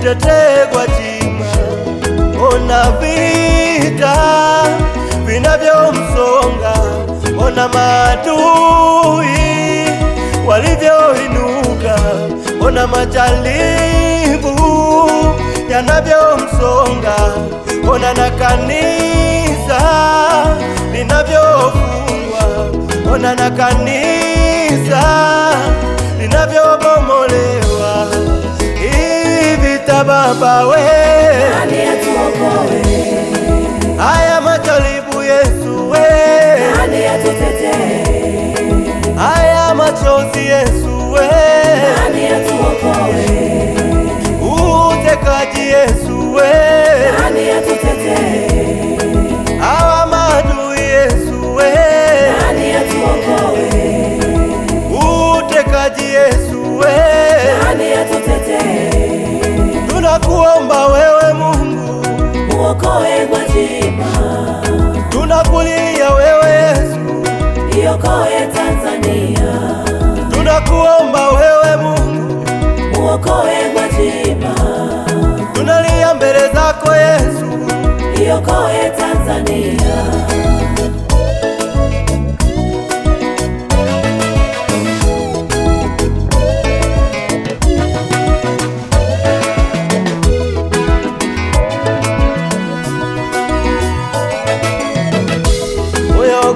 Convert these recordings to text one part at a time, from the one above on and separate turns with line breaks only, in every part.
mtetee Gwajima, ona vita vinavyomsonga, ona maadui walivyoinuka, ona majaribu yanavyomsonga, ona na kanisa linavyofungwa, ona na kanisa linavyo up away. uokoe Tanzania. Tunakuomba wewe Mungu uokoe Gwajima, tunalia mbele zako Yesu, iokoe Tanzania.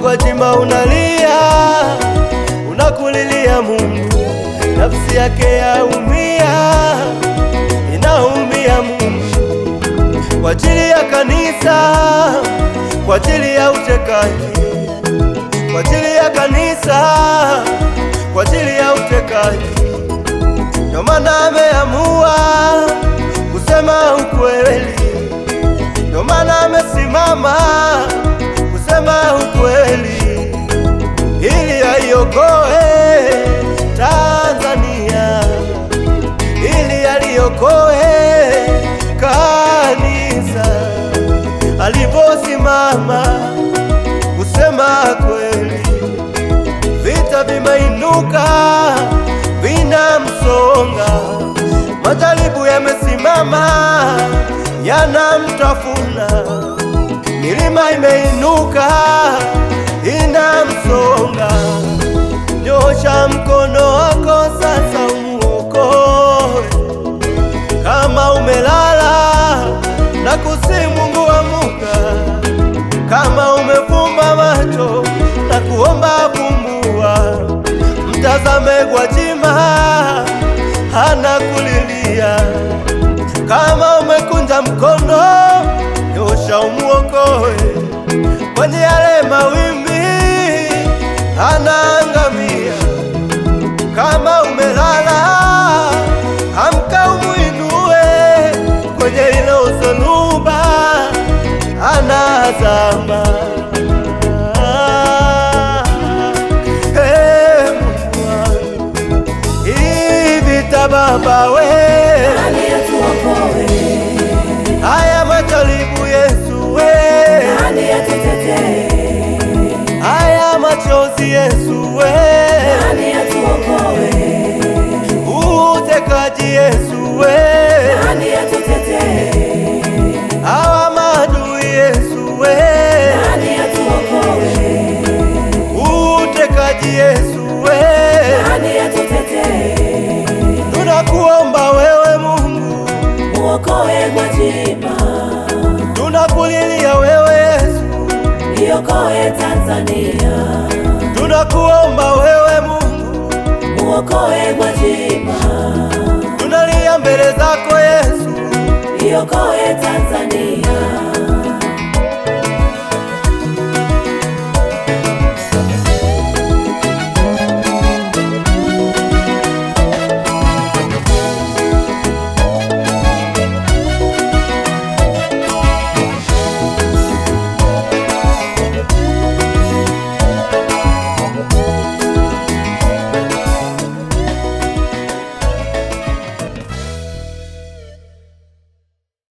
Gwajima unalia kulilia Mungu, nafsi yake yaumia, inaumia Mungu kwa ajili ya kanisa, kwa ajili ya utekaji, kwa ajili ya kanisa, kwa ajili ya utekaji. Ndio maana ameamua kusema ukweli, ndio maana amesimama kugonga, majaribu yamesimama yanamtafuna, milima imeinuka inamsonga. Nyosha mkono wako sasa umuokoe, kama umelala na kwenye yale mawimbi anaangamia. Kama umelala amka, umuinue kwenye hilo zonuba, anazama hivi. Hey, tababa we te te te Tanzania. Tunakuomba wewe Mungu uokoe Gwajima, tunalia mbele zako Yesu, iokoe Tanzania.